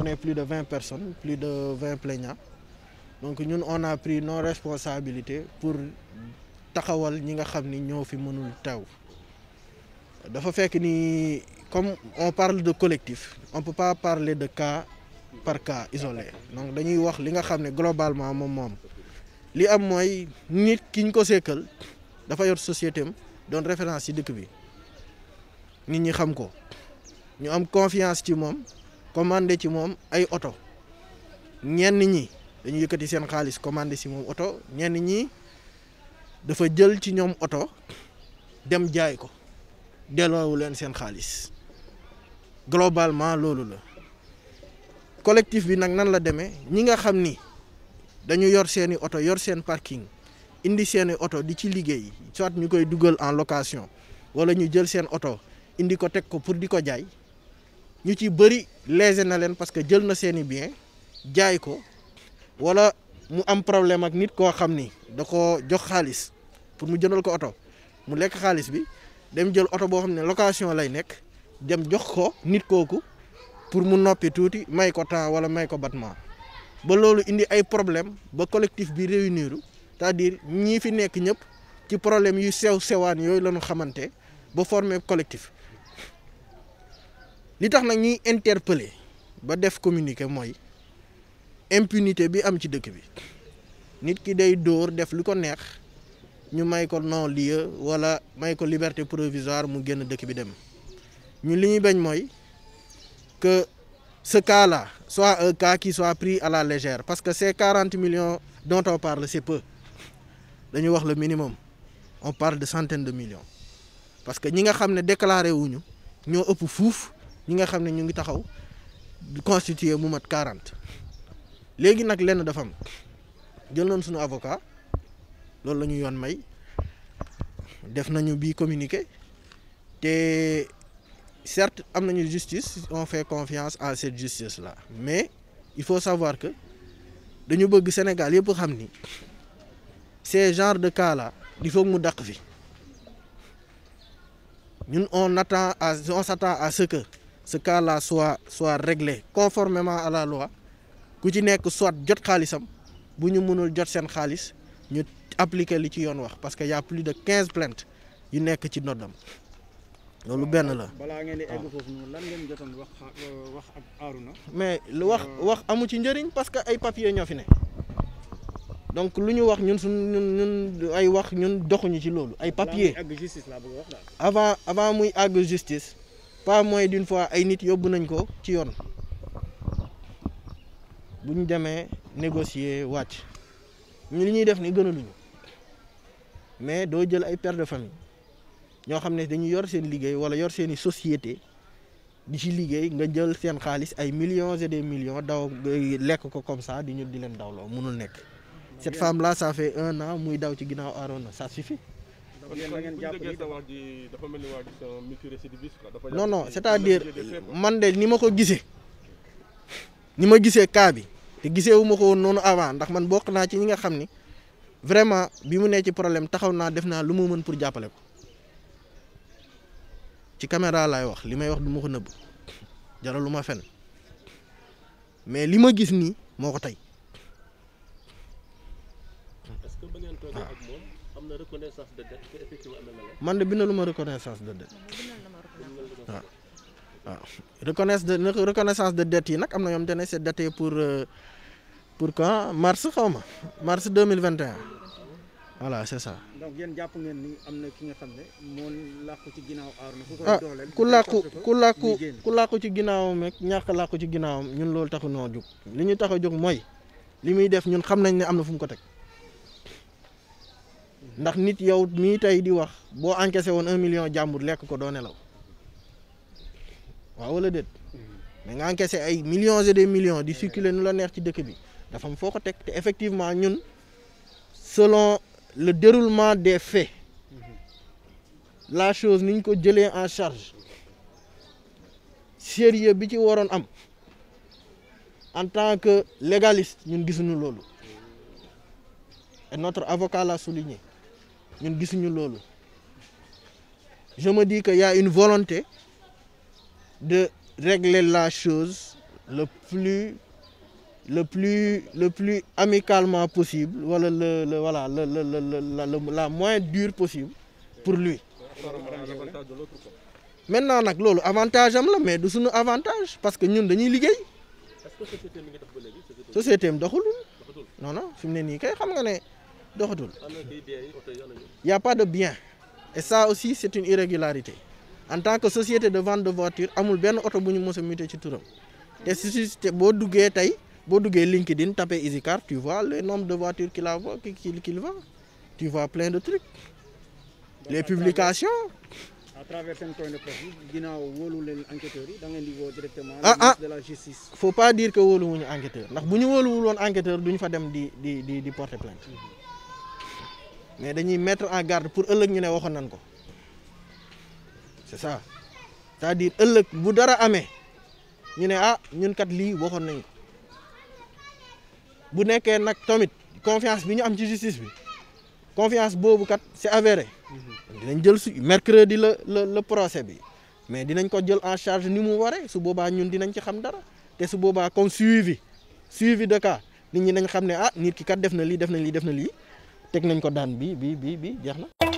on est plus de vingt personnes plus de vingt plaignants donc ñun on a pris nos responsabilités pour taxawal ñi nga xam ni ñoo fi mënul taw dafa fekk ni comme on parle de collectif on peut pas parler de cas par cas isolé donc dañuy wax li nga xam ne globalement moom moom li am mooy nit ki ñu ko sekkal dafa yor société am doon référence ci dëkk bi nit ñi xam ko ñu am confiance ci moom commandé ci moom ay oto ñenn ñi dañu yëkkati seen xaalis commandé ci moom oto ñenn ñi dafa jël ci ñoom oto dem jaay ko delloowu leen seen xaalis globalement loolu la collectif bi nag nan la demee ñi nga xam ni dañu yor seeni oto yor seen parking indi seeni oto di ci liggéey soit ñu koy dugal en location wala ñu jël seen oto indi ko teg ko pour di ko jaay ñu ci bëri léser na leen parce que jël na seeni bien jaay ko wala mu am problème ak nit koo xam ni da ko jox xaalis pour mu jëndal ko oto mu lekk xaalis bi dem jël oto boo xam ne location lay nekk dem jox ko nit kooku pour mu noppi tuuti may ko temps wala may ko battement ba loolu indi ay problème ba collectif bi réunir c'est-à-dire ñii fi nekk ñëpp ci problème yu sew sewaan yooyu la ñu xamante ba forme collectif li tax nag ñuy interpeller ba def communiqué mooy impunité bi am ci dëkk bi nit ki day dóor def lu ko neex ñu may ko non-lieu wala may ko liberté provisoire mu génn dëkk bi dem ñun li ñuy bañ mooy que ce cas-là soit un cas qui soit pris à la légère parce que ces quarante millions dont on parle c'est peu dañu wax le minimum on parle de centaines de millions parce que ñi nga xam ne déclaré wuñu ñoo ëpp fuuf. ñi nga xam ne ñu ngi taxaw constitué mu mat quarante léegi nag lenn dafa am jël nañ suñu avocat loolu la ñu yoon may def nañu bii communiquer te certes am nañu justice on fait confiance en cette justice la mais il faut savoir que dañu bëgg Sénégal yëpp xam ni ces genre de cas là il faut mu dàq fi ñun on attend à on s'attend à ce que ce cas-là soit soit réglé conformément à la loi ku ci nekk soit jot xaalisam bu ñu mënul jot seen xaalis ñu appliquer li ci yoon wax parce que y a plus de quinze plaintes yu nekk ci noddam loolu benn la balaa ngeen di wax wax ak Arouna mais lu wax euh, wax amu ci njëriñ parce que ay papier ñoo fi ne donc lu ñu wax ñun suñ ñun ay wax ñun doxuñu ci loolu ay papier avant avant muy àgg justice pas moins d'une fois ay nit yóbbu nañ ko ci yoon bu ñu demee négocier wàcc ñu lu ñuy def ni gënaluñu mais doo jël ay père de famille ñoo xam ne dañu yor seen liggéey wala yor seeni société di ci liggéey nga jël seen xaalis ay millions et des millions daw lekk ko comme ça di ñu di leen dawloo mënul nekk cette femme là ça fait un an muy daw ci ginnaaw Arona ça suffit non non c'est-à-dire man de ni ma ko gisee ni ma gisee cas bi te gisee wu ko woon noonu avant ndax man bokk naa ci ñi nga xam ni vraiment bi mu nee ci problème taxaw naa def naa lu ma mën pour jàppale ko ci caméra laay wax li may wax du ma ko nëbb jaralu ma fen mais li ma gis nii moo ko tey. toogee ah. ak moom am na reconnaissance de dette te effectivement am man de bindal reconnaissance de dette. yi nag am na ñoom te ne c'est daté pour euh, pour quand mars xaw ma mars mille vingt et un voilà jàpp ngeen ni am na ki nga xam ne moo ci ginnaaw ah, ku koy ku làqu ku làqu ku làqu ci ginnaawam rek ñàkk làqu ci ginnaawam ñun loolu taxu noo jóg. li ñu tax jóg mooy li muy def ñun xam nañ ne am na fu mu ko teg. ndax nit yow mii tey di wax boo encaissé woon un million jàmbur lekk ko doo nelaw waaw wala déet mais nga encaissé ay millions et des millions di circuler nu la neex ci dëkk bi dafa am foo ko teg te effectivement ñun selon le déroulement des faits la chose ni ñu ko jëlee en charge sérieux bi ci waroon am en tant que légaliste ñun gisuñu loolu et notre avocat l'a souligné ñun gisuñu loolu je me di que y a une volonté de régler la chose le plus le plus le plus amicalement possible wala le le voilà le le le la moins dure possible pour lui. maintenant nag loolu avantage am la mais du suñu avantage parce que ñun dañuy liggéey. société am doxulul non mu ne nii kay xam nga ne. doxatul y' a pas de bien et ça aussi c' est une irrégularité en tant que société de vente de voiture amul benn oto bu ñu mos a ci turam te si boo duggee tey boo duggee LinkedIn tapé EasyCar tu vois le nombre de voitures qu'il a qu'il qu'il vend tu vois plein de trucs les publications. à travers seen point de presse yi ginnaaw leen enquêteurs yi da ngeen di woo directement. ah ah de la justice. faut pas dire que ndax bu ñu wóoluwul loon enquêteur du ñu fa dem di di di di porter plainte. mais dañuy mettre en garde pour ëllëg ñu ne waxoon nañ ko c'est ça c'est-à-dire ëllëg bu dara amee ñu ne ah ñun kat lii waxoon nañ ko bu nekkee nag tamit confiance bi ñu am ci justice bi confiance boobu kat c'est avéré dinañ jël su mercredi la la le procès bi mais dinañ ko jël en charge ni mu waree su boobaa ñun dinañ ci xam dara te su boobaa comme suivi suivi de nit ñi nañ xam ne ah nit ki kat def na lii def na lii def na lii teg nañ ko daan bi bi bi bi jeex na